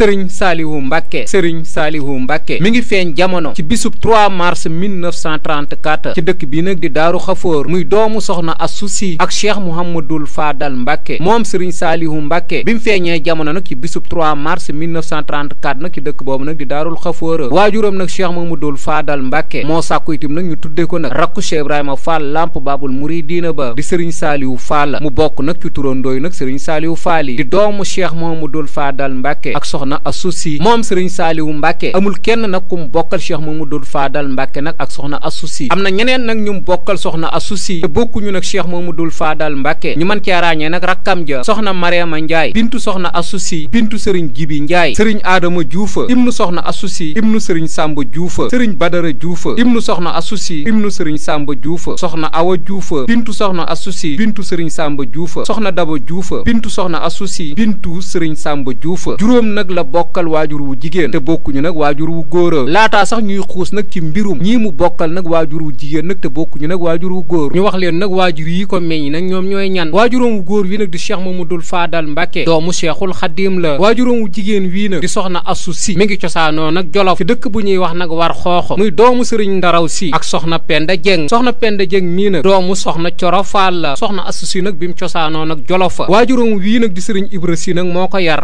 sëriñ saalihu mbàkke sëriñ saalihu mbàkke mi ngi feeñ jamono ci bisub 3 mars 1934 ci dëkk bi nag di daaru xafoor muy doomu soxna assu si ak cheikh mouhamadul faadal mbàkke moom sëriñ saalihu mbàkke bi mu feeñee jamono nag ci bisub 3 mars 1934 nag ci dëkk boobu nag di daarul xafoora waajuram nag cheikh mouhamadul faadal mbàkke moo sàkku itim nag ñu tudde ko nag rakku cheikh ibrahima fall lamp baabul diina ba di sëriñ saalihu faal mu bokk nag ci turandooy nag sëriñ saalihu faal yi di doomu cheikh mouhamadul faadal mbàkke ak soxna soxna asu si moom sëriñ saaliwu mbàkke amul kenn nag kum bokkal cheikh mamadul faadal mbàkke nag ak soxna asu si am na ñeneen nag ñum bokkal soxna asu si te bokkuñu nag cheikh mamadul faadal mbàkke ñu mën cee ràññee nag rakkam ja soxna mariama njaay bintu soxna asu si bintu sëriñ jibi njaay sëriñ aadama juufa ibnu soxna asu si ibnu sëriñ sàmba juufa sëriñ badara juufa ibnu soxna asu si ibnu sëriñ sàmba juufa soxna awa juufa bintu soxna asu si bintu sëriñ la bokkal waajur wu jigéen te bokkuñu nag waajur wu góor laataa sax ñuy xuus nag ci mbirum ñii mu bokkal nag waajur wu jigéen nag te bokkuñu nag waajur wu góor ñu wax leen nag waajur yi ko meññ nag ñoom ñooy ñan waajuroom wu góor wi nag di Cheikh Mamadou Fadal Mbacke doomu Cheikhul Xadim la waajuroom wu jigéen wii nag di soxna Assu Si mi ngi cosaanoo nag Jolof ci dëkk bu ñuy wax nag war xooxo muy doomu sëriñ Ndaraw Si ak soxna Penda Jeng soxna Penda Jeng mii nag doomu soxna Coro Faal soxna Assu Si nag bi mu cosaanoo nag Jolof waajuroom wii nag di sëriñ Ibra Si nag moo ko yar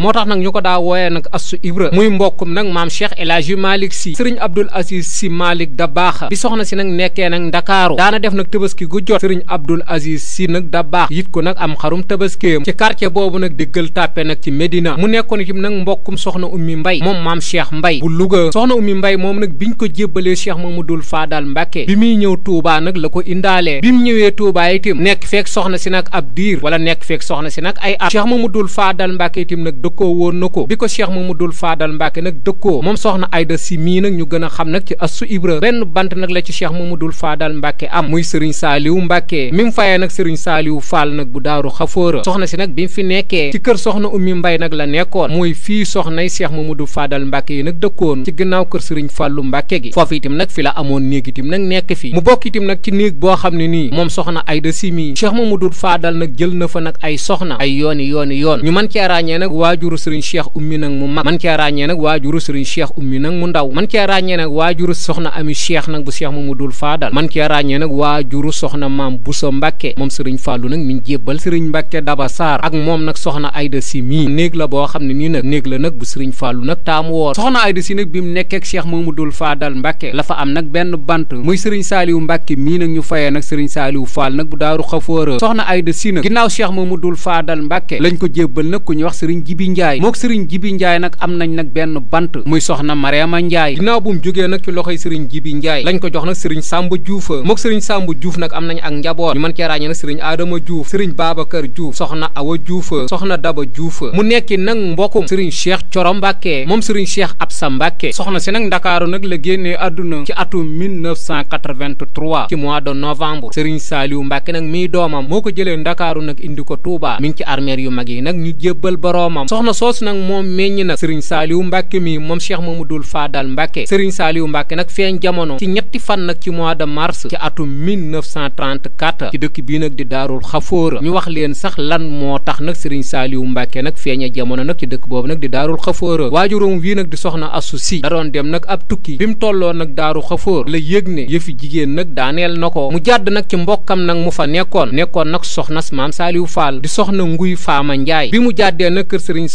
nag assu ibra muy mbokkum nag maam cheikh El Hadji Malick si sëriñ Abdul Aziz si Malick da baaxa bi soxna si nag nekkee nag ndakaaru daana def nag tabaski gu jot sëriñ Abdul Aziz si nag da baax yit ko nag am xarum tabaskeem ci quartier boobu nag di Gueule Tapée nag ci Médina mu nekkoon itam nag mbokkum soxna ummi mbay moom maam cheikh mbay bu Louga soxna ummi mbay moom nag biñ ko jébbalee cheikh Mamadul Faadal Mbàkke bi muy ñëw Touba nag la ko indaalee bi mu ñëwee Touba itam nekk feek soxna si nag ab diir wala nekk feek soxna si nag ay at cheikh Mamadul Faadal Mbàkke itam nag dëkkoo woon na ko bi Cheikh Mamadou faadal Mbacke nag dëkkoo moom soxna Aida Sy mii nag ñu gën a xam nag ci Astou Ibra benn bant nag la ci Cheikh Mamadou Fadal Mbacke am muy Serigne Saliou Mbacke mi mu fayee nag Serigne Saliou Fall nag bu daaru xafoora soxna si nag bi mu fi nekkee kër soxna Oumy Mbaye nag la nekkoon muy fii soxnay Cheikh Mamadou Fadal Mbacke yi nag dëkkoon ci ginnaaw kër Serigne Fallou Mbacke gi foofu itam nag fi la amoon néeg itam nag nekk fi mu bokk itam nag ci néeg boo xam ne nii moom soxna Aida Sy mii Cheikh Mamadou faadal nag jël na fa nag ay soxna ay yooni yooni yoon ñu mën cee ràññee nag waajuru sëriñ Cheikh ummi nag mu mag man cee ràññee nag waajuru sëriñ cheikh nag mu ndaw man cee ràññee nag waajuru soxna ami cheikh nag bu cheikh mamadul faadal man cee ràññee nag waajuru soxna maam buso mbàkke moom sëriñ fàllu nag mi ngi jébbal sëriñ mbàkke daba saar ak moom nag soxna ayda si mii néeg la boo xam ne nii nag néeg la nag bu sëriñ nag taamu woon soxna ayda si nag bi mu nekkee ak cheikh mamadul faadal mbàkke la fa am nag benn bant muy sëriñ saaliwu mbàkke mii nag ñu fayee nag sëriñ saaliwu faal nag bu daaru xafoora soxna ayda si nag ginnaaw cheikh mamadul faadal mbàkke lañ ko jébbal nag ku ñu wax sëriñ jibi njaay mook sëriñ jibi njaay Njaay nag am nañ nag benn bant muy soxna Mariama Njaay ginnaaw bu mu jógee nag ci loxoy sëriñ Jibi Njaay lañ ko jox nag sëriñ Sàmba Juuf mook sëriñ Sàmba Juuf nag am nañ ak njaboot ñu mën cee ràññee nag sëriñ Adama Juuf sëriñ Babacar Juuf soxna Awa Juuf soxna Daba Juuf mu nekki nag mbokkum sëriñ Cheikh Coro Mbàkke moom sëriñ Cheikh Absa Mbàkke soxna si nag Ndakaaru nag la génnee àdduna ci atum 1983 ci mois de novembre sëriñ Saaliwu Mbàkke nag mii doomam moo ko jëlee Ndakaaru nag indi ko Tuubaa mi ngi ci armeer yu mag yi nag ñu jébbal boroomam soxna soosu nag moom meññ soññ nag sëriñ saaliwu mbàkke mi moom cheikh mamadul faadal mbàkke sëriñ saaliwu mbàkke nag feeñ jamono ci ñetti fan nag ci mois de mars ci atum 1934 ci dëkk bii nag di daarul xafóora ñu wax leen sax lan moo tax nag sëriñ saaliwu mbàkke nag feeñe jamono nag ci dëkk boobu nag di daarul xafóora waajuróom wii nag di soxna asu si da dem nag ab tukki bi mu tolloo nag daaru xafóor la yëg ne yëfi jigéen nag daaneel na ko mu jàdd nag ci mbokkam nag mu fa nekkoon nekkoon nag soxna maam saaliwu faal di soxna nguy faama njaay bi mu jàddee nag kër sëriñ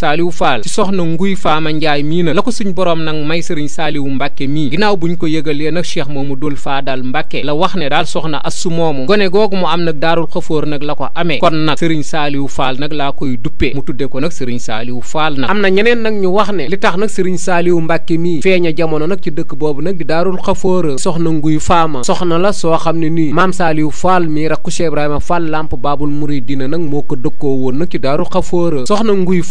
nguy faama njaay mii na la ko suñ borom nag may sëriñ saaliwu mbàkke mii ginnaaw buñ ko yëgalee nag cheikh moomu dul faadal mbàkke la wax ne daal soxna assu moomu gone googu mu am nag daarul xafoor nag la ko amee kon nag sëriñ saaliwu faal nag laa koy duppee mu tudde ko nag sëriñ saaliwu faal nag am na ñeneen nag ñu wax ne li tax nag sëriñ saaliwu mbàkke mii feeña jamono nag ci dëkk boobu nag di daarul xafoor soxna nguy faama soxna la soo xam ne nii maam saaliwu faal mii rakku cheikh ibrahima faal lamp baabul muridina nag moo ko dëkkoo woon nag ci daarul xafoor soxna nguy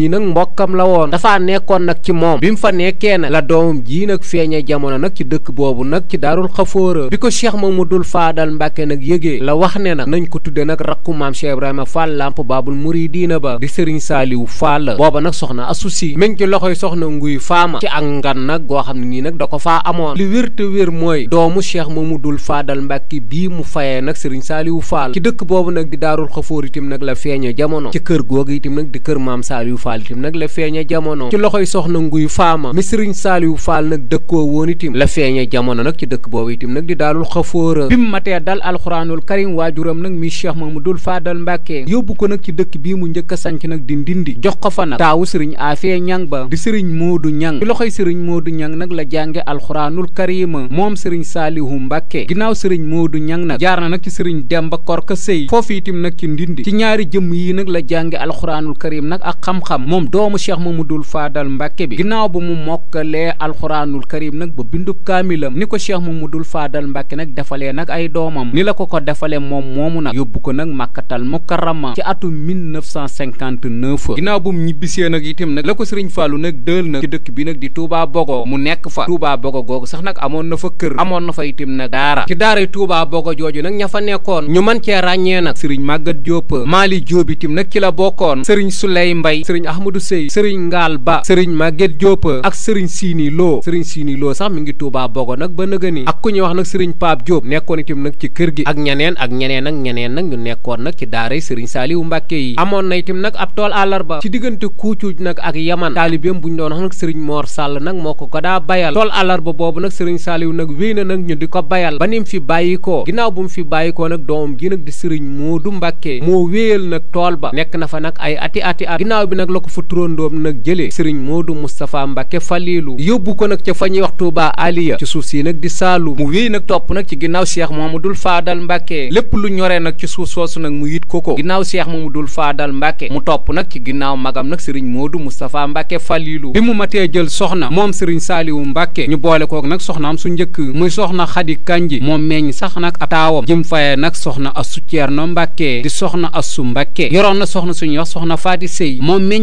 mi nag mbokkam la woon dafaa nekkoon nag ci moom bi mu fa nekkee nag la doomam jii nag feeñe jamono nag ci dëkk boobu nag ci daarul xafóora bi ko cheikh mamadul faadal mbàkke nag yëgee la wax ne nag nañ ko tudde nag rakku maam cheikh ibrahima fall lamp baabul muridiina ba di sëriñ saaliwu fall booba nag soxna asusi meñ ci loxoy soxna nguy faama ci ak ngan nag goo xam ne nii nag da ko faa amoon li wér te wér mooy doomu cheikh mamadul faadal mbàkke bii mu fayee nag sëriñ saaliwu fall dëkk boobu nag di daarul xafóor itam nag la feeñe jamono ci kër googu itam nag di kër maam saaliwu fall Fall tim nag la feeña jamono ci loxoy soxna nguy faama mi sëriñ Saaliwu Fall nag dëkkoo woon itim la feeña jamono nag ci dëkk boobu itim nag di daalul xafóora bi mu matee dal alxuraanul karim waajuram nag mi cheikh mamadul faadal mbàkke yóbbu ko nag ci dëkk bii mu njëkk a sanc nag di ndindi jox ko fa nag taawu sëriñ aafee ñang ba di sëriñ moodu ñang ci loxoy sëriñ moodu ñang nag la jànge alxuraanul karima moom sëriñ saalihu mbàkke ginnaaw sëriñ moodu ñang nag jaar na nag ci sëriñ demba korka sëy foofu itim nag ci ndindi ci ñaari jëmm yi nag xam-xam moom doomu cheikh mamadul faadal mbàkke bi ginnaaw bu mu mokkalee alxuraanul karim nag ba bindub kaamilam ni ko cheikh mamadul faadal mbàkke nag defalee nag ay doomam ni la ko ko defalee moom moomu nag yóbbu ko nag màkkatal mukarrama ci atum 1959 ginnaaw bu mu ñibbisee nag itam nag la ko sëriñ fàllu nag dël nag ci dëkk bi nag di Touba Bogo mu nekk fa Touba Bogo googu sax nag amoon na fa kër amoon na fa itam nag daara ci daara Touba Bogo jooju nag ña fa nekkoon ñu mën cee ràññee nag sëriñ màggat Diop Maali Diop itam nag Ahmadou Sey sëriñ Ngaal Ba sëriñ Maguette Diop ak sëriñ Sini Lo sëriñ Sini Lo sax mi ngi Touba Bogo nag ba nëgëni ak ku ñuy wax nag sëriñ Pape Diop nekkoon itam nag ci kër gi ak ñeneen ak ñeneen ak ñeneen nag ñu nekkoon nag ci daaray sëriñ Saliou Mbacke yi amoon na itam nag ab tool àllarba ci diggante Kuucuuj nag ak Yaman taalibeem bu ñu doon wax nag sëriñ Mor Sall moo ko ko daa bayal tool àllarba boobu nag sëriñ Saliou nag na nag ñu di ko bayal ba nim fi bàyyi ko ginnaaw bu mu fi bàyyi ko nag doomam gi nag di sëriñ Modou Mbacke moo wéyal nag tool ba la ko fu turandoom nag jëlee sëriñ Moodu Moustapha Mbacke Falilu yóbbu ko nag ca fa ñuy wax Touba Aliya ci sii nag di saalu mu wéy nag topp nag ci ginnaaw Cheikh Mamadou Fadal Mbacke lépp lu ñoree nag ci suuf soosu nag mu yit koko ginnaaw Cheikh Mamadou Fadal Mbacke mu topp nag ci ginnaaw magam nag sëriñ Moodu mustafa Mbacke Falilu bi mu matee jël soxna moom sëriñ Saaliwu Mbacke ñu boole kook nag soxnaam su njëkk muy soxna Xadi Kanji moom meññ sax nag ab taawam jëm fayee nag soxna Assu Ceerno Mbacke di soxna Assu Mbacke yoroon na soxna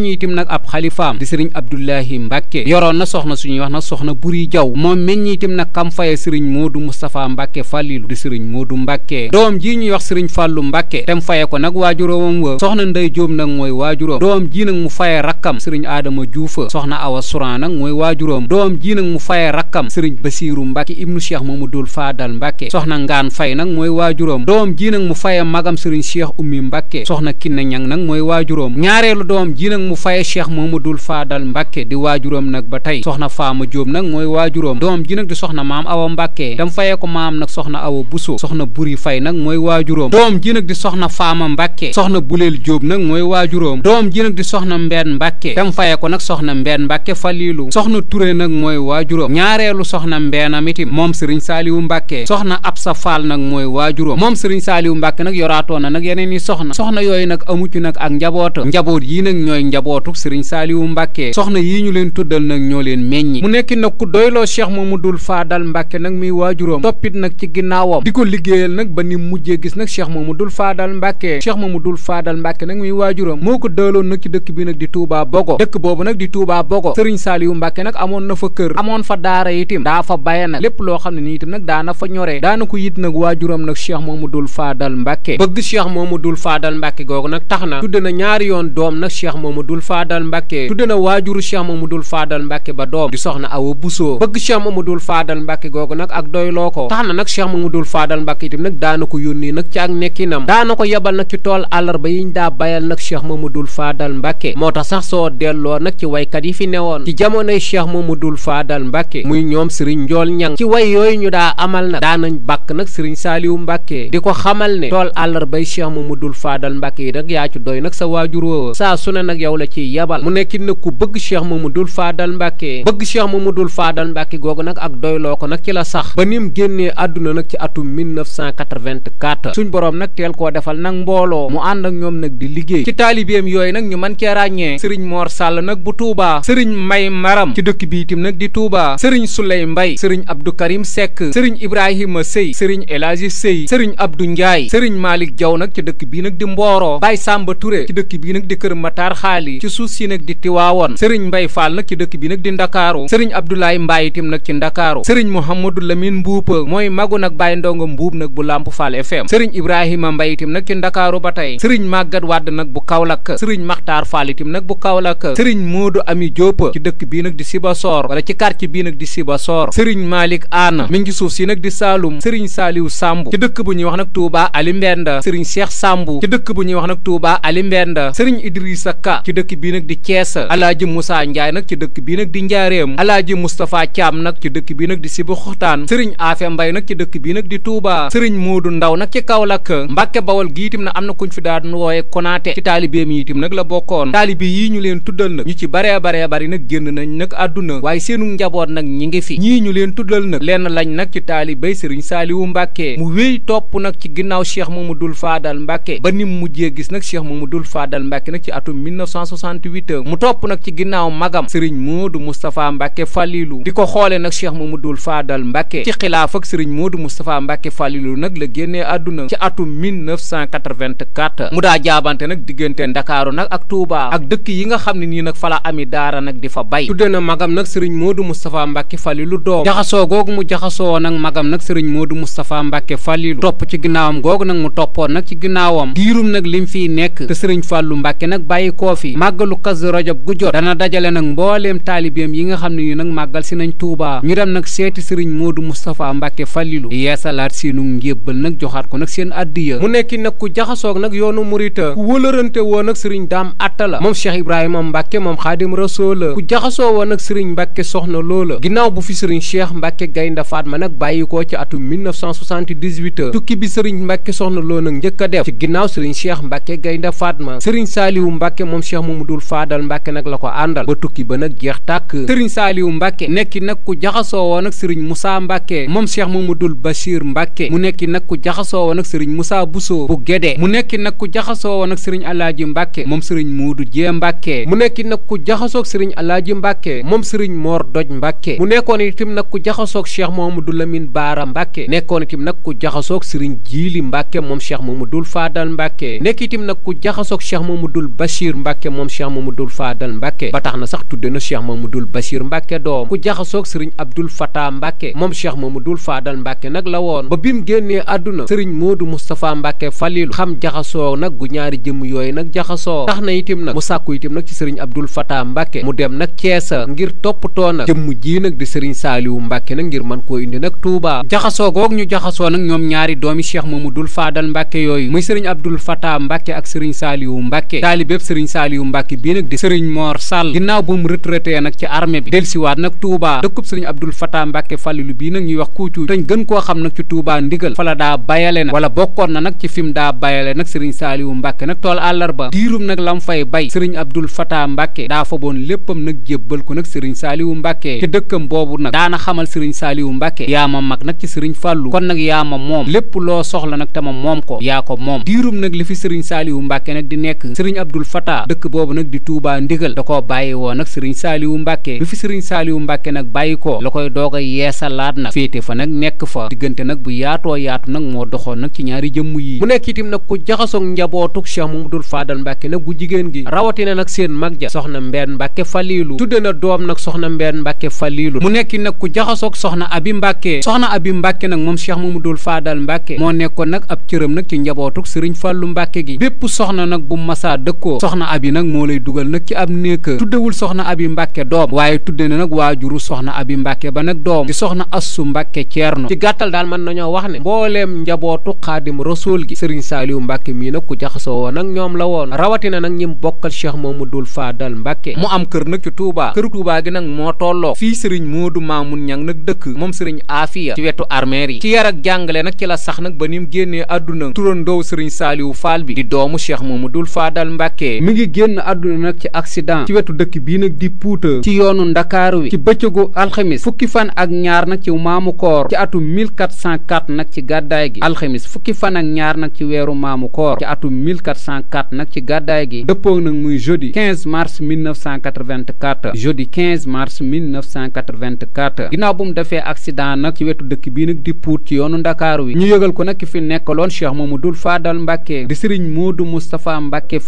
ñooñu itim nag ab xalifaam di sëriñ Abdoulahi Mbacke yoroon na soxna suñuy wax nag soxna buri jaw moom meññ itim nag kam faye sëriñ Modou Moustapha Mbacke Fallilou di sëriñ Modou Mbacke doom jii ñuy wax sëriñ Fallou Mbacke tem faye ko nag waajuróomam wa soxna Ndey nag mooy waajuróom doom jii nag mu faye rakkam sëriñ Adama Diouf soxna Awa Souran nag mooy waajuróom doom jii nag mu faye rakkam sëriñ Basiiru Mbacke ibnu Cheikh Mamadul Faadal Mbacke soxna Ngaan Fay nag mooy waajuróom doom jii nag mu faye magam sëriñ Cheikh Ummi Mbacke soxna Kinne Ñang nag mooy waajuróom ñaareelu doom jii nag mu faye cheikh mamadul faadal mbàkke di waajuram nag ba tey soxna faama jóob nag mooy waajuram doom ji nag di soxna maam awa mbàkke dam fayee ko maam nag soxna awa buso soxna buri fay nag mooy waajuram doom ji nag di soxna faama mbàkke soxna buleel jóob nag mooy waajuram doom ji nag di soxna mbeen mbàkke dam fayee ko nag soxna mbeen mbàkke faliilu soxna ture nag mooy waajuram ñaareelu soxna mbeenam itim moom sëriñ saaliwu mbàkke soxna absa faal nag mooy waajuram moom sëriñ saaliwu mbàkke nag yoraatoon na nag yeneen i soxna soxna yooyu nag amu ci nag ak njabootuk sëriñ saaliwu mbàkke soxna yi ñu leen tuddal nag ñoo leen meññi mu nekk nag ku doyloo cheikh mamadul faadal mbàkke nag muy waajuram toppit nag ci ginnaawam di ko liggéeyal nag ba ni mujjee gis nag cheikh mamadul faadal mbàkke cheikh mamadul faadal mbàkke nag muy waajuram moo ko dëloon nag ci dëkk bi nag di Touba Bogo dëkk boobu nag di Touba Bogo sëriñ saaliwu mbàkke nag amoon na fa kër amoon fa daara itim daa fa baye nag lépp loo xam ne ni itam nag daana fa ñoree daana ko yit nag waajuram nag cheikh mamadul faadal mbàkke bëgg cheikh mamadul faadal mbàkke googu nag Mamadul Faadal Mbàkke tudde na waajuru Cheikh Mamadul Faadal Mbàkke ba doom di soxna Awa Buso bëgg Cheikh Mamadul Faadal Mbàkke googu nag ak doyloo ko tax na nag Cheikh Mamadul Faadal Mbàkke itam nag daana ko yónni nag ci ak nekkinam daana ko yebal nag ci tool àllarba yiñ daa bayal nag ma mu dul Faadal Mbàkke moo tax sax soo delloo nag ci waykat yi fi newoon ci jamonoy mu dul Faadal Mbàkke muy ñoom Sëriñ Njool Ñang ci way yooyu ñu daa amal nag daanañ bàkk nag Sëriñ Saaliwu Mbàkke di ko xamal ne tool àllarbay Cheikh Mamadul Faadal Mbàkke yi nag yaa ci doy nag sa waajur woowa saa su ne nag yow yow la ci yabal mu nekkit nag ku bëgg cheikh mamadul faadal mbàkke bëgg cheikh mamadul faadal mbàkke googu nag ak doyloo ko nag ci la sax ba nim génnee àdduna nag ci atum 1984 suñ boroom nag teel koo defal nag mbooloo mu ànd ak ñoom nag di liggéey ci taalibeem yooyu nag ñu mën cee ràññee sëriñ moor sàll nag bu tuubaa sëriñ mbay maram ci dëkk bi itam nag di tuubaa sëriñ suley mbay sëriñ abdou karim sekk sëriñ ibrahima sëy sëriñ elaaji sëy sëriñ abdou njaay sëriñ maalik jaw nag ci dëkk bii nag di mbooroo bay sàmba ture ci dëkk bii nag di kër mataar xaali Saali ci suuf si nag di Tiwaawoon sëriñ Mbay Fall nag ci dëkk bi nag di Ndakaaru sëriñ Abdoulaye Mbaye itam nag ci Ndakaaru sëriñ Mouhamadou Lamine Mbuup mooy magu nag Baye Ndongo Mbuup nag bu Lamp Fall FM sëriñ Ibrahima Mbaye nag ci Ndakaaru ba tey sëriñ Màggat Wàdd nag bu Kaolack sëriñ Maxtaar Fall itam nag bu Kaolack sëriñ Modou Ami Diop ci dëkk bi nag di Sibassor wala ci quartier bii nag di Sibassor sëriñ Malick Anne mi ngi suuf si nag di Saloum sëriñ Saliou Samb ci dëkk bu ñuy wax nag Touba Ali Mbenda sëriñ Cheikh Samb ci dëkk bu ñuy wax dëkk bii nag di Thiès alaaji Moussa Ndiaye nag ci dëkk bii nag di Njaareem alaaji Moustapha Thiam nag ci dëkk bii nag di Sibuxtaan sëriñ Afia mbay nag ci dëkk bii nag di Touba sëriñ du Ndaw nag ci Kaolack Mbàkke Bawol gi itam na am na kuñ fi daan wooye Konaate ci taalibeem yi itam nag la bokkoon taalibe yi ñu leen tuddal nag ñu ci baree baree bari nag génn nañ nag àdduna waaye seenu njaboot nag ñi ngi fi ñii ñu leen tuddal nag lenn lañ nag ci taalibey sëriñ Saaliwu Mbàkke mu wéy topp nag ci ginnaaw Cheikh Mamadul Faadal Mbàkke ba nim mujjee gis nag Cheikh Mamadul Faadal Mbàkke nag ci atum 19 soixante mu topp nag ci ginnaaw magam sëriñ Modou Moustapha Mbacke faliilu di ko xoole nag Cheikh Mamadou Fadal Mbacke ci xilaaf ak sëriñ Modou Moustapha Mbacke Falilou nag la génnee àdduna ci atum 1984 mu daa jaabante nag diggante Ndakaaru nag ak Touba ak dëkk yi nga xam ne nii nag fala ami daara nag di fa bay tudde na magam nag sëriñ Modou Moustapha Mbacke Falilou doom jaxasoo googu mu jaxasoo nag magam nag sëriñ Modou Moustapha Mbacke Falilou topp ci ginnaawam googu nag mu toppoon nag ci ginnaawam diirum nag lim fiy nekk te sëriñ Fallou Mbacke nag bàyyi koo màggalu kazu rajab gu jot dana dajale nag mbooleem taalibeem yi nga xam ne ni nag màggal si nañ Touba ñu dem nag seeti sëriñ Modou Moustapha Mbacke Fallilu yeesalaat seenu njébbal nag joxaat ko nag seen addiya mu nekki nag ku jaxasoog nag yoonu murita ku wëlërante woo nag sëriñ daam atta moom Cheikh Ibrahima Mbacke moom xaadim rasool la ku jaxasoo woon nag sëriñ Mbacke soxna loola ginnaaw bu fi sëriñ Cheikh Mbacke Gaynde Fatma nag bàyyi ko ci atum 1978 tukki bi sëriñ Mbacke soxna loo nag njëkk a def ci ginnaaw sëriñ Cheikh Mbacke Gaynde Fatma sëriñ Saaliwu Mbacke moom Cheikh mu dul faadal mbàkke nag la ko àndal ba tukki ba nag jeex tàkk sëriñ saaliwu mbàkke nekki nag ku jaxasoo woon ak sëriñ musaa mbàkke moom cheikh mamadul bachir mbàkke mu nekki nag ku jaxasoo woon ak sëriñ musaa busoo bu gédee mu nekki nag ku jaxasoo woon ak sëriñ alaaji mbàkke moom sëriñ muudu jee mbàkke mu nekki nag ku jaxasoog sëriñ alaaji mbàkke moom sëriñ moor doj mbàkke mu nekkoon itam nag ku jaxasoog cheikh mamadou lamin baara mbàkke nekkoon itam nag ku jaxasoog sëriñ jiili mbàkke moom cheikh mamadul faadal mbàkke nekk itam nag ku jaxasoog cheikh mamadul bachir mbàkke moom cheikh mamadul faadal mbàkke ba tax na sax tudde na cheikh mamadul bachir mbàkke doom ku jaxasoog sëriñ abdul fata mbàkke moom cheikh mamadul faadal mbàkke nag la woon ba bi mu génnee àdduna sëriñ moodu moustapha mbàkke jaxasoo nag gu ñaari jëmm yooyu nag jaxasoo tax na itim nag mu sàkku itim nag ci sëriñ abdul fata mbàkke mu dem nag ceesa ngir toppatoo nag jëmm jii nag di sëriñ saaliwu mbàkke nag ngir mën koo indi abdul fata mbàkke ak sëriñ saaliwu mbàkke taalibépp sëriñ saaliwu Saliou Mbacke bii nag di Serigne Mor Sall ginnaaw bu mu retraité nag ci armée bi delsiwaat nag Touba dëkkub Serigne Abdoul Fatah Mbacke Fallilou bii nag ñuy wax kuucu dañ gën koo xam nag ci Touba ndigal fala daa bayale nag wala bokkoon na nag ci fi mu daa bayale nag Serigne Saliou Mbacke nag tool àllarba diirum nag lam fay bay Serigne Abdoul Fatah Mbacke daa faboon léppam nag jébbal ko nag Serigne Saliou Mbacke ci dëkkam boobu nag daana xamal Serigne ma mag nag ci Serigne Fallou kon nag ma moom lépp loo soxla nag tama moom ko yaa ko moom diirum nag li fi Serigne dëkk boobu nag di Touba ndigal da koo bàyyi woo nag sëriñ Saaliwu Mbàkke bi fi sëriñ Saaliwu Mbàkke nag bàyyi ko la koy doog fa nag nekk fa diggante nag bu yaatoo yaatu nag moo doxoon nag ci ñaari jëmm yi mu nekk itim nag ku jaxasoog njabootuk Cheikh Mamadul Faadal Mbàkke nag bu jigéen gi rawatina nag seen mag ja soxna Mbeen Mbàkke Faliilu tudde na doom nag soxna Mbeen Mbàkke Faliilu mu nekk nag ku jaxasoog soxna Abi Mbàkke soxna Abi Mbàkke nag moom Cheikh dul Faadal Mbàkke moo nekkoon nag ab cëram nag ci njabootuk sëriñ Fàllu Mbàkke gi bépp soxna nag bu masaa dëkkoo soxna Abi nag moo lay dugal nag ci ab néeg tuddewul soxna abi mbàkke doom waaye tudde na nag waajuru soxna abi mbàkke ba nag doom di soxna assu mbàkke ceerno ci gàttal daal mën nañoo wax ne mbooleem njabootu xaadim rasool gi sëriñ saaliwu mbàkke mii nag ku jaxasoo woon nag ñoom la woon rawatina nag ñim bokkal cheikh mamadul faadal mbàkke mu am kër nag ci tuubaa këru tuubaa gi nag moo tolloo fii sëriñ moodu maamun ñang nag dëkk moom sëriñ aafiya ci wetu armeer yi ci yar ak jàngale ci la sax nag ba nim génnee àdduna turandoow génn àdduna nag ci accident ci wetu dëkk bii nag di Puuta ci yoonu Ndakaaru wi ci bëccëgu alxamis fukki fan ak ñaar nag ci maamu koor ci atum 1404 nag ci gàddaay gi alxamis fukki fan ak ñaar nag ci weeru maamu koor ci atum 1404 nag ci gàddaay gi dëppoo nag muy jeudi 15 mars 1984 jeudi 15 mars 1984 ginnaaw bu mu defee accident nag ci wetu dëkk bii nag di Puut ci yoonu Ndakaaru wi ñu yëgal ko nag fi nekkaloon Cheikh Mamadou Fadal Mbacke di Serigne Modou Moustapha Mbacke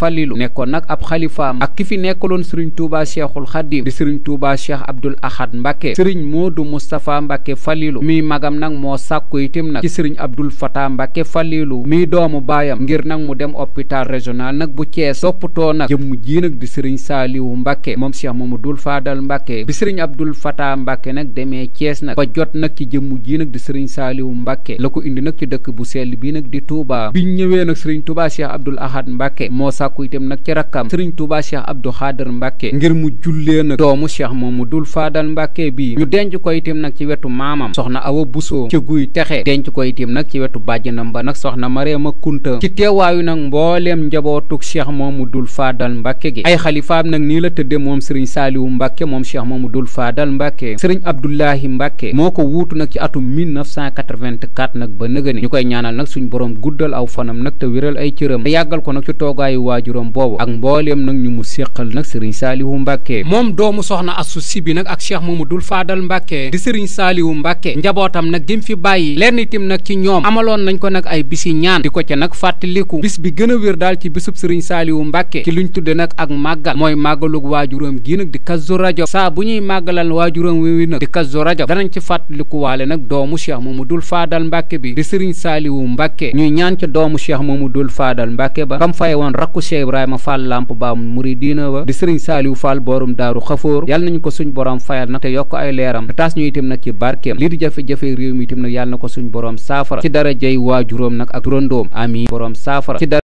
nag ab xalifaam ak ki fi nekkaloon sëriñ Touba Cheikhul Khadim di sëriñ Touba Cheikh Abdoul Ahad Mbacke sëriñ du Moustapha Mbacke Fallilu mi magam nag moo sàkku itam nag ci sëriñ Abdoul Fatah Mbacke Fallilu mi doomu baayam ngir nag mu dem hôpital régional nag bu Thiès toppatoo nag jëmm ji nag di sëriñ Saliou Mbacke moom Cheikh dul Fadal Mbacke bi sëriñ Abdoul Fatah Mbacke nag demee Thiès nag ba jot nag ci jëmm ji nag di sëriñ Saliou Mbacke la ko indi nag ci dëkk bu sell bi nag di Touba biñ ñëwee nag sëriñ Touba Cheikh Abdoul Ahad Mbacke moo sàkku itam nag ci sëriñ Touba Cheikh Abdou Khader Mbacke ngir mu jullee nag doomu cheikh moomu dul faadal Mbacke bii ñu denc ko itim nag ci wetu maamam soxna Awa Bousso ci guy texe denc ko itim nag ci wetu bàjjanam ba nag soxna Mariama Kunta ci teewaayu nag mbooleem njabootug cheikh mu dul faadal Mbacke gi ay xalifaam nag nii la tëdde moom sëriñ Saaliwu mbakke moom cheikh moomu dul faadal Mbacke sëriñ Abdoulahi Mbacke moo ko wuutu nag ci atum 1984 nag ba nëgëni ñu koy ñaanal nag suñ nag te wéral ay cëram te yàggal ko mbooleem nag ñu mu séqal nag sëriñ saaliwu mbàkke moom doomu soxna assu si bi nag ak cheikh mamadul faadal mbàkke di sëriñ saaliwu mbàkke njabootam nag gim fi bàyyi lenn itim nag ci ñoom amaloon nañ ko nag ay bisi ñaan di nag fàttaliku bis bi gën a wér daal ci bisub sëriñ saaliwu mbàkke ci luñ tudde nag ak màggal mooy màggalug waajuram gii nag di kazu rajab saa bu ñuy màggalal waajuram wi nag di kazu rajab danañ ci fàttaliku waale nag doomu cheikh mamadul faadal mbàkke bi di sëriñ saaliwu mbàkke ñuy ñaan ca doomu cheikh mamadul faadal mbàkke ba kam fay woon rakku cheikh ibrahima fall lamp baam muridina wa di sëriñ saaliw faal boorum daaru xafóor yàlla nañu ko suñ borom fayal nag te yokk ay leeram te taas ñu itam nag ci barkeem lii di jafe-jafe réew mi itam nag yàlla na ko suñ borom saafara ci dara jey waajuróom nag ak turandoom amiin borom saafara ci